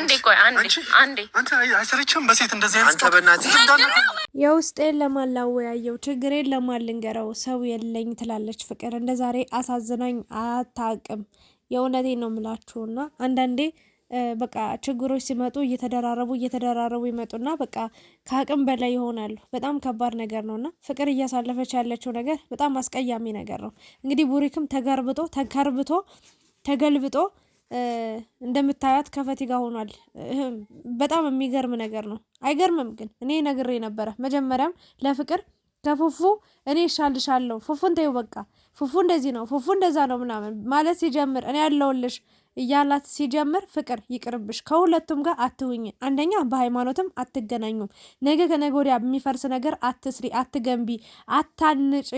አንዴ ቆይ አንዴ አንዴ አንተ አይሰለችም? በሴት እንደዚህ አንተ በእናትህ የውስጤን ለማላወያየው ችግሬን ለማልንገረው ሰው የለኝ ትላለች ፍቅር። እንደ ዛሬ አሳዝናኝ አታውቅም። የእውነቴ ነው የምላችሁና አንዳንዴ በቃ ችግሮች ሲመጡ እየተደራረቡ እየተደራረቡ ይመጡና በቃ ከአቅም በላይ ይሆናሉ። በጣም ከባድ ነገር ነውና ፍቅር እያሳለፈች ያለችው ነገር በጣም አስቀያሚ ነገር ነው። እንግዲህ ቡሪክም ተገርብጦ ተከርብቶ ተገልብጦ እንደምታያት ከፈቲ ጋር ሆኗል። በጣም የሚገርም ነገር ነው። አይገርምም? ግን እኔ ነግሬ ነበረ። መጀመሪያም ለፍቅር ከፉፉ እኔ እሻልሻለሁ፣ ፉፉን ተይው በቃ፣ ፉፉ እንደዚህ ነው፣ ፉፉ እንደዛ ነው ምናምን ማለት ሲጀምር እኔ ያለውልሽ እያላት ሲጀምር ፍቅር ይቅርብሽ፣ ከሁለቱም ጋር አትውኝ። አንደኛ በሃይማኖትም አትገናኙም። ነገ ከነገ ወዲያ የሚፈርስ ነገር አትስሪ፣ አትገንቢ፣ አታንጪ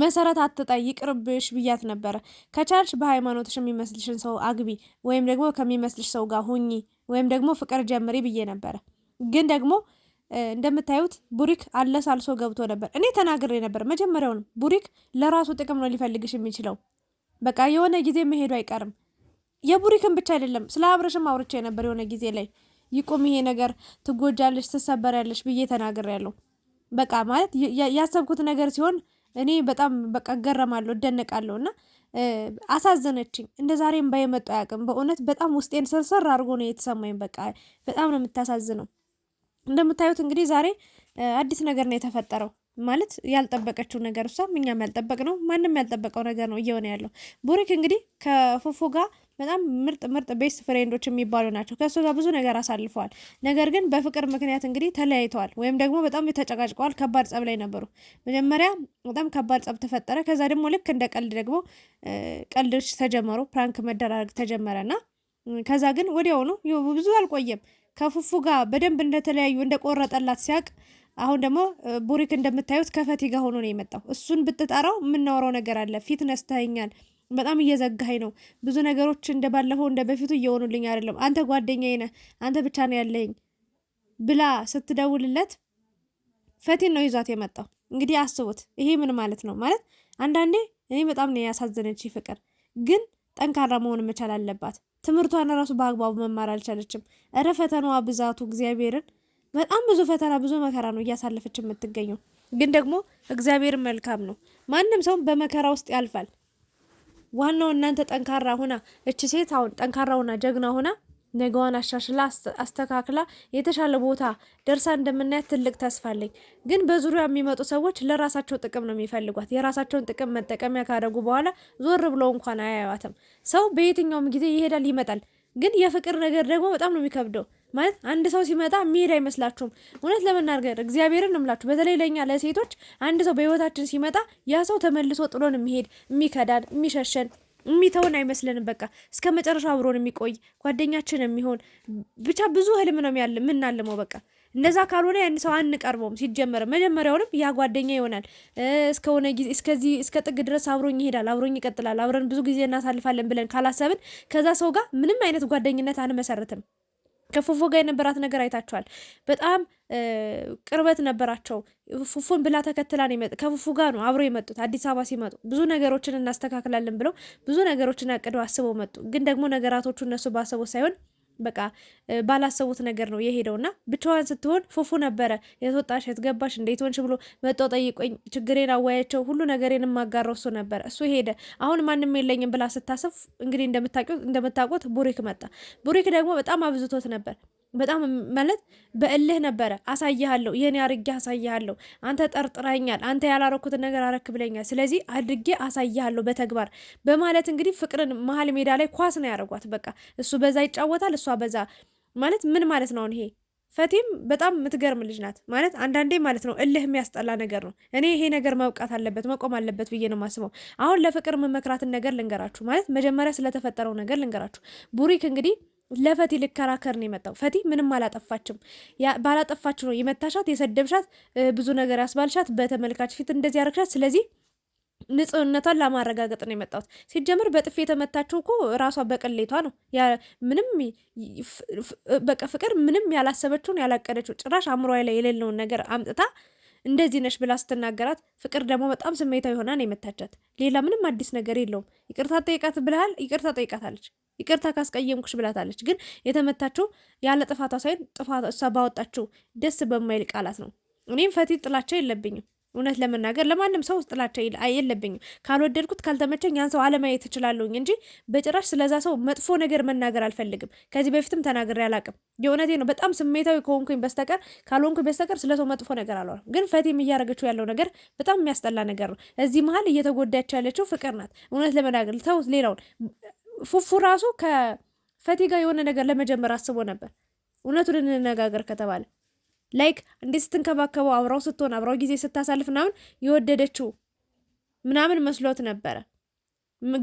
መሰረት አትጠይቅርብሽ ብያት ነበረ። ከቻልሽ በሃይማኖትሽ የሚመስልሽን ሰው አግቢ ወይም ደግሞ ከሚመስልሽ ሰው ጋር ሁኚ ወይም ደግሞ ፍቅር ጀምሪ ብዬ ነበረ። ግን ደግሞ እንደምታዩት ቡሪክ አለሳልሶ ገብቶ ነበር። እኔ ተናግሬ ነበር መጀመሪያውንም፣ ቡሪክ ለራሱ ጥቅም ነው ሊፈልግሽ የሚችለው። በቃ የሆነ ጊዜ መሄዱ አይቀርም። የቡሪክን ብቻ አይደለም፣ ስለ አብረሽም አውርቼ ነበር። የሆነ ጊዜ ላይ ይቁም ይሄ ነገር፣ ትጎጃለሽ፣ ትሰበሪያለሽ ብዬ ተናግሬያለሁ። በቃ ማለት ያሰብኩት ነገር ሲሆን እኔ በጣም በቃ እገረማለሁ እደነቃለሁ። እና አሳዘነችኝ። እንደ ዛሬም ባይመጣ አያውቅም። በእውነት በጣም ውስጤን ሰንሰር አድርጎ ነው የተሰማኝ። በቃ በጣም ነው የምታሳዝነው። እንደምታዩት እንግዲህ ዛሬ አዲስ ነገር ነው የተፈጠረው። ማለት ያልጠበቀችው ነገር እሷም እኛም ያልጠበቅ ነው ማንም ያልጠበቀው ነገር ነው እየሆነ ያለው ቡሪክ እንግዲህ ከፉፉ ጋር በጣም ምርጥ ምርጥ ቤስት ፍሬንዶች የሚባሉ ናቸው። ከእሱ ጋር ብዙ ነገር አሳልፈዋል። ነገር ግን በፍቅር ምክንያት እንግዲህ ተለያይተዋል፣ ወይም ደግሞ በጣም ተጨቃጭቀዋል። ከባድ ጸብ ላይ ነበሩ። መጀመሪያ በጣም ከባድ ጸብ ተፈጠረ። ከዛ ደግሞ ልክ እንደ ቀልድ ደግሞ ቀልዶች ተጀመሩ፣ ፕራንክ መደራረግ ተጀመረና ከዛ ግን ወዲያውኑ ብዙ አልቆየም ከፉፉ ጋር በደንብ እንደተለያዩ እንደቆረጠላት ሲያውቅ አሁን ደግሞ ቡሪክ እንደምታዩት ከፈቲ ጋር ሆኖ ነው የመጣው። እሱን ብትጠራው የምናወራው ነገር አለ ፊት ነስተኛል በጣም እየዘጋኸኝ ነው። ብዙ ነገሮች እንደ ባለፈው እንደ በፊቱ እየሆኑልኝ አይደለም። አንተ ጓደኛዬ ነህ፣ አንተ ብቻ ነው ያለኝ ብላ ስትደውልለት ፈቲን ነው ይዟት የመጣው። እንግዲህ አስቡት፣ ይሄ ምን ማለት ነው? ማለት አንዳንዴ እኔ በጣም ነው ያሳዘነች ፍቅር፣ ግን ጠንካራ መሆን መቻል አለባት። ትምህርቷን ራሱ በአግባቡ መማር አልቻለችም። እረ ፈተናዋ ብዛቱ እግዚአብሔርን በጣም ብዙ ፈተና ብዙ መከራ ነው እያሳለፈች የምትገኘው። ግን ደግሞ እግዚአብሔር መልካም ነው። ማንም ሰው በመከራ ውስጥ ያልፋል። ዋናው እናንተ ጠንካራ ሁና እች ሴት አሁን ጠንካራ ሁና ጀግና ሁና ነገዋን አሻሽላ አስተካክላ የተሻለ ቦታ ደርሳ እንደምናያት ትልቅ ተስፋ አለኝ። ግን በዙሪያ የሚመጡ ሰዎች ለራሳቸው ጥቅም ነው የሚፈልጓት። የራሳቸውን ጥቅም መጠቀሚያ ካደረጉ በኋላ ዞር ብለው እንኳን አያያዋትም። ሰው በየትኛውም ጊዜ ይሄዳል ይመጣል። ግን የፍቅር ነገር ደግሞ በጣም ነው የሚከብደው። ማለት አንድ ሰው ሲመጣ የሚሄድ አይመስላችሁም። እውነት ለመናገር እግዚአብሔርን እምላችሁ በተለይ ለእኛ ለሴቶች አንድ ሰው በህይወታችን ሲመጣ ያ ሰው ተመልሶ ጥሎን የሚሄድ የሚከዳን፣ የሚሸሸን የሚተውን አይመስለንም። በቃ እስከ መጨረሻ አብሮን የሚቆይ ጓደኛችን የሚሆን ብቻ ብዙ ህልም ነው የምናልመው። በቃ እንደዛ ካልሆነ ያን ሰው አንቀርበውም። ሲጀመር መጀመሪያውንም ያ ጓደኛ ይሆናል። እስከሆነ ጊዜ እስከዚህ እስከ ጥግ ድረስ አብሮኝ ይሄዳል፣ አብሮኝ ይቀጥላል፣ አብረን ብዙ ጊዜ እናሳልፋለን ብለን ካላሰብን ከዛ ሰው ጋር ምንም አይነት ጓደኝነት አንመሰረትም። ከፉፉ ጋር የነበራት ነገር አይታችኋል። በጣም ቅርበት ነበራቸው። ፉፉን ብላ ተከትላ ነው ከፉፉ ጋር ነው አብሮ የመጡት። አዲስ አበባ ሲመጡ ብዙ ነገሮችን እናስተካክላለን ብለው ብዙ ነገሮችን አቅደው አስበው መጡ። ግን ደግሞ ነገራቶቹ እነሱ ባሰቡ ሳይሆን በቃ ባላሰቡት ነገር ነው የሄደውና ብቻዋን ስትሆን ፉፉ ነበረ የተወጣሽ የትገባሽ እንዴት ሆንሽ ብሎ መጦ ጠይቆኝ ችግሬን አዋያቸው ሁሉ ነገሬን የማጋረው እሱ ነበረ። እሱ ሄደ። አሁን ማንም የለኝም ብላ ስታሰብ እንግዲህ እንደምታውቁት ቡሪክ መጣ። ቡሪክ ደግሞ በጣም አብዝቶት ነበር። በጣም ማለት በእልህ ነበረ። አሳይሃለሁ፣ ይህን አድርጌ አሳይሃለሁ፣ አንተ ጠርጥረኛል፣ አንተ ያላረኩትን ነገር አረክ ብለኛል፣ ስለዚህ አድርጌ አሳይሃለሁ በተግባር በማለት እንግዲህ ፍቅርን መሀል ሜዳ ላይ ኳስ ነው ያደረጓት። በቃ እሱ በዛ ይጫወታል፣ እሷ በዛ ማለት ምን ማለት ነው? ይሄ ፈቲም በጣም የምትገርም ልጅ ናት። ማለት አንዳንዴ ማለት ነው እልህ የሚያስጠላ ነገር ነው። እኔ ይሄ ነገር መብቃት አለበት መቆም አለበት ብዬ ነው የማስበው። አሁን ለፍቅር የምመክራትን ነገር ልንገራችሁ፣ ማለት መጀመሪያ ስለተፈጠረው ነገር ልንገራችሁ። ቡሪክ እንግዲህ ለፈቲ ልከራከር ነው የመጣው። ፈቲ ምንም አላጠፋችም። ባላጠፋችሁ ነው የመታሻት፣ የሰደብሻት፣ ብዙ ነገር ያስባልሻት፣ በተመልካች ፊት እንደዚህ ያረግሻት። ስለዚህ ንጽህነቷን ለማረጋገጥ ነው የመጣሁት። ሲጀምር በጥፊ የተመታችው እኮ ራሷ በቅሌቷ ነው። ምንም በቃ ፍቅር ምንም ያላሰበችውን ያላቀደችው ጭራሽ አእምሯ ላይ የሌለውን ነገር አምጥታ እንደዚህ ነሽ ብላ ስትናገራት ፍቅር ደግሞ በጣም ስሜታዊ ሆና ነው የመታቻት። ሌላ ምንም አዲስ ነገር የለውም። ይቅርታ ጠይቃት ብልሃል፣ ይቅርታ ጠይቃታለች። ይቅርታ ካስቀየምኩሽ ብላታለች። ግን የተመታችው ያለ ጥፋቷ ሳይሆን ጥፋቷ እሷ ባወጣችው ደስ በማይል ቃላት ነው። እኔም ፈቲ ጥላቻ የለብኝም። እውነት ለመናገር ለማንም ሰው ጥላቻ የለብኝም። ካልወደድኩት ካልተመቸኝ ያን ሰው አለማየት እችላለሁኝ እንጂ በጭራሽ ስለዛ ሰው መጥፎ ነገር መናገር አልፈልግም። ከዚህ በፊትም ተናግሬ አላቅም። የእውነቴ ነው። በጣም ስሜታዊ ከሆንኩኝ በስተቀር ካልሆንኩኝ በስተቀር ስለ ሰው መጥፎ ነገር አለዋል። ግን ፈቴም እያደረገችው ያለው ነገር በጣም የሚያስጠላ ነገር ነው። እዚህ መሀል እየተጎዳች ያለችው ፍቅር ናት። እውነት ለመናገር ሰው ሌላውን ፉፉ ራሱ ከፈቲ ጋር የሆነ ነገር ለመጀመር አስቦ ነበር። እውነቱን እንነጋገር ከተባለ ላይክ እንዴት ስትንከባከበው አብራው ስትሆን አብራው ጊዜ ስታሳልፍ ምናምን የወደደችው ምናምን መስሎት ነበረ።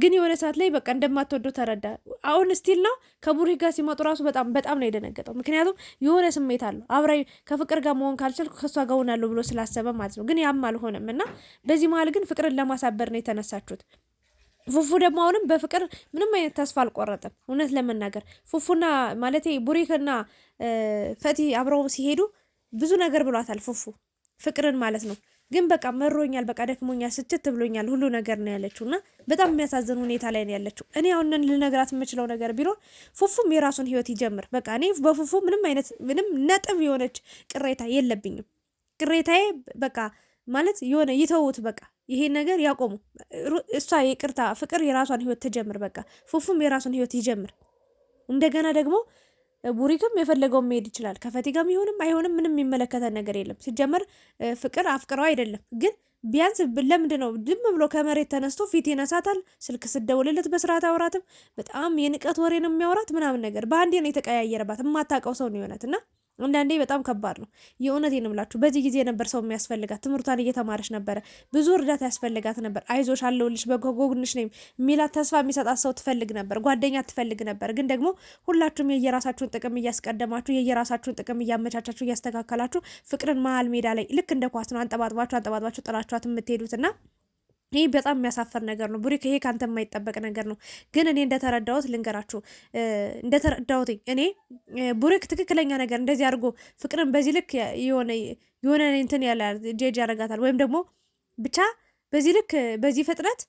ግን የሆነ ሰዓት ላይ በቃ እንደማትወደው ተረዳ። አሁን ስቲል ነው ከቡሪ ጋር ሲመጡ ራሱ በጣም በጣም ነው የደነገጠው። ምክንያቱም የሆነ ስሜት አለው አብራ ከፍቅር ጋር መሆን ካልቻልኩ ከእሷ ጋር ሆናለሁ ብሎ ስላሰበ ማለት ነው። ግን ያም አልሆነም እና በዚህ መሀል ግን ፍቅርን ለማሳበር ነው የተነሳችሁት። ፉፉ ደግሞ አሁንም በፍቅር ምንም አይነት ተስፋ አልቆረጠም። እውነት ለመናገር ፉፉና ማለት ቡሪክና ፈቲ አብረው ሲሄዱ ብዙ ነገር ብሏታል ፉፉ ፍቅርን ማለት ነው። ግን በቃ መሮኛል፣ በቃ ደክሞኛል፣ ስችት ብሎኛል ሁሉ ነገር ነው ያለችው እና በጣም የሚያሳዝን ሁኔታ ላይ ነው ያለችው። እኔ አሁን ልነግራት የምችለው ነገር ቢኖር ፉፉም የራሱን ህይወት ይጀምር። በቃ እኔ በፉፉ ምንም አይነት ምንም ነጥብ የሆነች ቅሬታ የለብኝም። ቅሬታዬ በቃ ማለት የሆነ ይተውት በቃ ይሄ ነገር ያቆሙ። እሷ ይቅርታ ፍቅር የራሷን ህይወት ትጀምር፣ በቃ ፉፉም የራሷን ህይወት ይጀምር። እንደገና ደግሞ ቡሪክም የፈለገው መሄድ ይችላል። ከፈቲ ጋር ይሁንም አይሆንም ምንም የሚመለከተን ነገር የለም። ሲጀመር ፍቅር አፍቅረው አይደለም ግን ቢያንስ ለምንድን ነው ድም ብሎ ከመሬት ተነስቶ ፊት ይነሳታል? ስልክ ስደውልለት በስርዓት አውራትም። በጣም የንቀት ወሬ ነው የሚያወራት ምናምን ነገር። በአንዴ ነው የተቀያየረባት። የማታውቀው ሰው ነው የሆነት እና አንዳንዴ በጣም ከባድ ነው። የእውነቴን ነው በዚህ ጊዜ ነበር ሰው የሚያስፈልጋት። ትምህርቷን እየተማረች ነበረ። ብዙ እርዳታ ያስፈልጋት ነበር። አይዞሽ አለሁልሽ፣ በጎንሽ ነኝ የሚላት ተስፋ የሚሰጣት ሰው ትፈልግ ነበር፣ ጓደኛ ትፈልግ ነበር። ግን ደግሞ ሁላችሁም የየራሳችሁን ጥቅም እያስቀደማችሁ፣ የየራሳችሁን ጥቅም እያመቻቻችሁ፣ እያስተካከላችሁ ፍቅርን መሀል ሜዳ ላይ ልክ እንደ ኳስ ነው አንጠባጥባችሁ አንጠባጥባችሁ ጥላችኋት የምትሄዱት እና ይህ በጣም የሚያሳፈር ነገር ነው ቡሪክ፣ ይሄ ከአንተ የማይጠበቅ ነገር ነው። ግን እኔ እንደተረዳሁት ልንገራችሁ፣ እንደተረዳሁት እኔ ቡሪክ ትክክለኛ ነገር እንደዚህ አድርጎ ፍቅርን በዚህ ልክ የሆነ የሆነ እንትን ያለ ጄጅ ያደርጋታል ወይም ደግሞ ብቻ በዚህ ልክ በዚህ ፍጥነት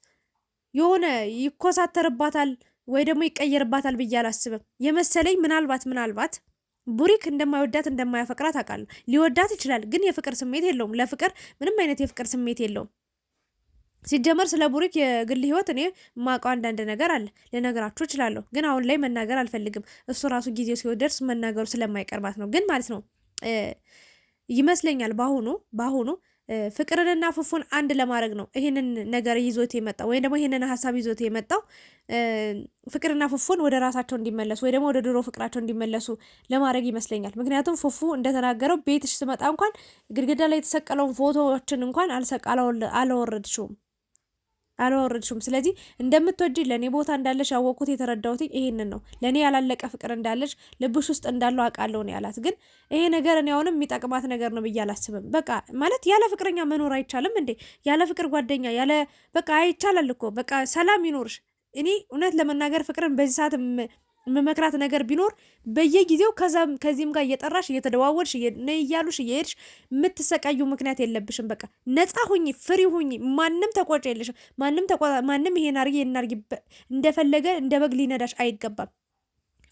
የሆነ ይኮሳተርባታል ወይ ደግሞ ይቀየርባታል ብዬ አላስብም። የመሰለኝ ምናልባት ምናልባት ቡሪክ እንደማይወዳት እንደማያፈቅራት አውቃለሁ። ሊወዳት ይችላል፣ ግን የፍቅር ስሜት የለውም። ለፍቅር ምንም አይነት የፍቅር ስሜት የለውም። ሲጀመር ስለ ቡሪክ የግል ህይወት እኔ ማውቀው አንዳንድ ነገር አለ፣ ልነግራችሁ እችላለሁ፣ ግን አሁን ላይ መናገር አልፈልግም። እሱ ራሱ ጊዜው ሲደርስ መናገሩ ስለማይቀርባት ነው። ግን ማለት ነው ይመስለኛል በአሁኑ በአሁኑ ፍቅርንና ፉፉን አንድ ለማድረግ ነው ይህንን ነገር ይዞት የመጣው ወይም ደግሞ ይህንን ሀሳብ ይዞት የመጣው ፍቅርና ፉፉን ወደ ራሳቸው እንዲመለሱ ወይ ደግሞ ወደ ድሮ ፍቅራቸው እንዲመለሱ ለማድረግ ይመስለኛል። ምክንያቱም ፉፉ እንደተናገረው ቤትሽ ስመጣ እንኳን ግድግዳ ላይ የተሰቀለውን ፎቶዎችን እንኳን አላወረድሽውም አላወረድሽም። ስለዚህ እንደምትወድ ለእኔ ቦታ እንዳለሽ ያወቅኩት የተረዳሁት ይሄንን ነው። ለእኔ ያላለቀ ፍቅር እንዳለሽ ልብሽ ውስጥ እንዳለው አውቃለሁ ነው ያላት። ግን ይሄ ነገር እኔ አሁንም የሚጠቅማት ነገር ነው ብዬ አላስብም። በቃ ማለት ያለ ፍቅረኛ መኖር አይቻልም እንዴ? ያለ ፍቅር ጓደኛ ያለ በቃ አይቻላል እኮ በቃ ሰላም ይኖርሽ። እኔ እውነት ለመናገር ፍቅርን በዚህ ሰዓት መመክራት ነገር ቢኖር በየጊዜው ከዛም ከዚህም ጋር እየጠራሽ እየተደዋወልሽ እያሉሽ እየሄድሽ የምትሰቃዩ ምክንያት የለብሽም። በቃ ነፃ ሁኝ፣ ፍሪ ሁኝ። ማንም ተቆጭ የለሽም። ማንም ይሄን አርጊ እንደፈለገ እንደ በግ ሊነዳሽ አይገባም።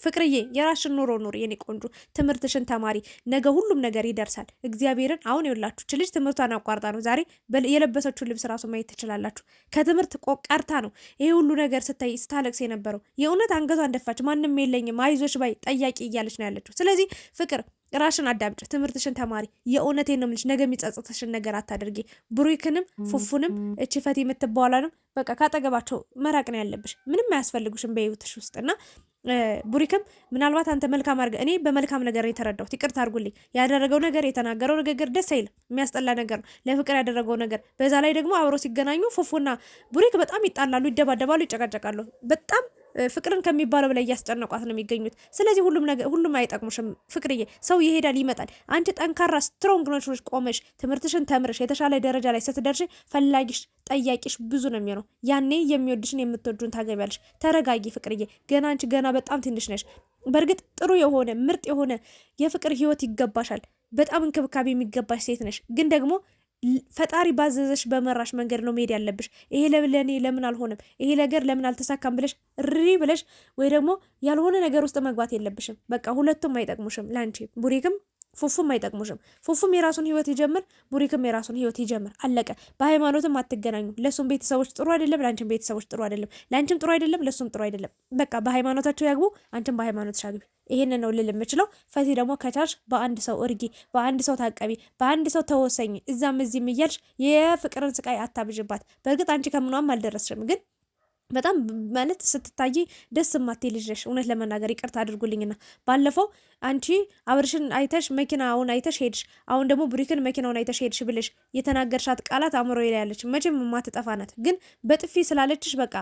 ፍቅርዬ የራሽን ኑሮ ኑር የኔ ቆንጆ፣ ትምህርትሽን ተማሪ። ነገ ሁሉም ነገር ይደርሳል። እግዚአብሔርን አሁን የውላችሁ ልጅ ትምህርቷን አቋርጣ ነው ዛሬ የለበሰችውን ልብስ ራሱ ማየት ትችላላችሁ። ከትምህርት ቆቀርታ ነው ይሄ ሁሉ ነገር ስታይ ስታለቅስ የነበረው። የእውነት አንገቷን ደፋች። ማንም የለኝም አይዞሽ ባይ ጠያቂ እያለች ነው ያለችው። ስለዚህ ፍቅር ራሽን አዳምጭ፣ ትምህርትሽን ተማሪ። የእውነቴን ነው የምልሽ፣ ነገ የሚጸጽትሽን ነገር አታደርጊ። ብሩክንም ፉፉንም እቺ ፈቲ ነው በቃ ካጠገባቸው መራቅ ነው ያለብሽ። ምንም አያስፈልጉሽም በህይወትሽ ውስጥ እና ቡሪክም ምናልባት አንተ መልካም አድርገህ እኔ በመልካም ነገር የተረዳሁት ይቅርታ አድርጉልኝ። ያደረገው ነገር የተናገረው ንግግር ደስ አይልም፣ የሚያስጠላ ነገር ነው። ለፍቅር ያደረገው ነገር በዛ ላይ ደግሞ አብረው ሲገናኙ ፉፉና ቡሪክ በጣም ይጣላሉ፣ ይደባደባሉ፣ ይጨቃጨቃሉ። በጣም ፍቅርን ከሚባለው በላይ እያስጨነቋት ነው የሚገኙት። ስለዚህ ሁሉም ነገር ሁሉም አይጠቅሙሽም ፍቅርዬ። ሰው ይሄዳል ይመጣል። አንቺ ጠንካራ ስትሮንግ ነሽ፣ ቆመሽ ትምህርትሽን ተምርሽ የተሻለ ደረጃ ላይ ስትደርሽ ፈላጊሽ ጠያቂሽ ብዙ ነው የሚሆነው። ያኔ የሚወድሽን የምትወዱን ታገቢያለሽ። ተረጋጊ ፍቅርዬ፣ ገና አንቺ ገና በጣም ትንሽ ነሽ። በእርግጥ ጥሩ የሆነ ምርጥ የሆነ የፍቅር ህይወት ይገባሻል። በጣም እንክብካቤ የሚገባሽ ሴት ነሽ። ግን ደግሞ ፈጣሪ ባዘዘሽ በመራሽ መንገድ ነው መሄድ ያለብሽ። ይሄ ለእኔ ለምን አልሆነም፣ ይሄ ነገር ለምን አልተሳካም ብለሽ ሪ ብለሽ ወይ ደግሞ ያልሆነ ነገር ውስጥ መግባት የለብሽም። በቃ ሁለቱም አይጠቅሙሽም፣ ለአንቺ ቡሪክም ፉፉም አይጠቅሙሽም። ፉፉም የራሱን ህይወት ይጀምር፣ ቡሪክም የራሱን ህይወት ይጀምር። አለቀ። በሃይማኖትም አትገናኙ። ለሱም ቤተሰቦች ጥሩ አይደለም፣ ለአንቺም ቤተሰቦች ጥሩ አይደለም፣ ለአንቺም ጥሩ አይደለም፣ ለሱም ጥሩ አይደለም። በቃ በሃይማኖታቸው ያግቡ፣ አንቺም በሃይማኖትሽ አግቢ። ይሄንን ነው ልል የምችለው። ፈቲ ደግሞ ከቻልሽ በአንድ ሰው እርጊ፣ በአንድ ሰው ታቀቢ፣ በአንድ ሰው ተወሰኝ። እዛም እዚህም እያልሽ የፍቅርን ስቃይ አታብዥባት። በእርግጥ አንቺ ከምኗም አልደረስሽም ግን በጣም ማለት ስትታይ ደስ ማቴ ልጅ ነሽ። እውነት ለመናገር ይቅርታ አድርጉልኝና ባለፈው አንቺ አብርሽን አይተሽ መኪናውን አይተሽ ሄድሽ፣ አሁን ደግሞ ብሪክን መኪናውን አይተሽ ሄድሽ ብልሽ የተናገርሻት ቃላት አእምሮ ላይ ያለች መቼም የማትጠፋ ናት። ግን በጥፊ ስላለችሽ በቃ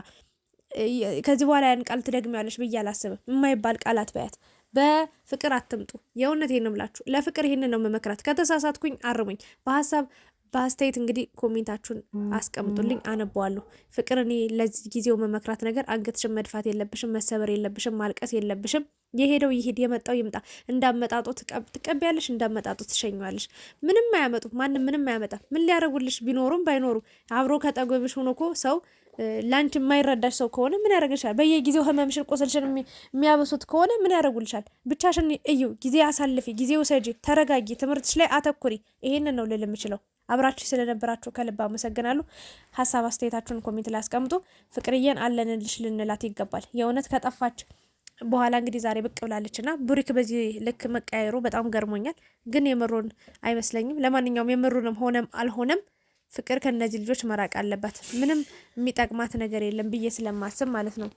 ከዚህ በኋላ ያን ቃል ትደግሚያለሽ ብዬ አላስብም። የማይባል ቃላት በያት። በፍቅር አትምጡ። የእውነት ነው የምላችሁ። ለፍቅር ይህንን ነው መመክራት። ከተሳሳትኩኝ አርሙኝ። በሀሳብ በአስተያየት እንግዲህ ኮሜንታችሁን አስቀምጡልኝ፣ አነበዋለሁ። ፍቅር እኔ ለዚህ ጊዜው መመክራት ነገር አንገትሽን መድፋት የለብሽም፣ መሰበር የለብሽም፣ ማልቀስ የለብሽም። የሄደው ይሄድ፣ የመጣው ይምጣ። እንዳመጣጡ ትቀቢያለሽ፣ እንዳመጣጡ ትሸኘዋለሽ። ምንም አያመጡ፣ ማንም ምንም አያመጣ። ምን ሊያደርጉልሽ ቢኖሩም ባይኖሩ አብሮ ከጠገበሽ ሆኖ እኮ ሰው ለአንቺ የማይረዳሽ ሰው ከሆነ ምን ያደርግልሻል? በየጊዜው ህመምሽን፣ ቁስልሽን የሚያበሱት ከሆነ ምን ያደርጉልሻል? ብቻሽን እዩ፣ ጊዜ አሳልፊ፣ ጊዜ ውሰጂ፣ ተረጋጊ፣ ትምህርትሽ ላይ አተኩሪ። ይሄንን ነው ልል የምችለው። አብራችሁ ስለነበራችሁ ከልብ አመሰግናለሁ። ሀሳብ አስተያየታችሁን ኮሜንት ላይ አስቀምጡ። ፍቅርዬን አለንልሽ ልንላት ይገባል። የእውነት ከጠፋች በኋላ እንግዲህ ዛሬ ብቅ ብላለች እና በዚህ ልክ መቀያየሩ በጣም ገርሞኛል፣ ግን የምሩን አይመስለኝም። ለማንኛውም የምሩንም ሆነም አልሆነም ፍቅር ከእነዚህ ልጆች መራቅ አለባት። ምንም የሚጠቅማት ነገር የለም ብዬ ስለማስብ ማለት ነው።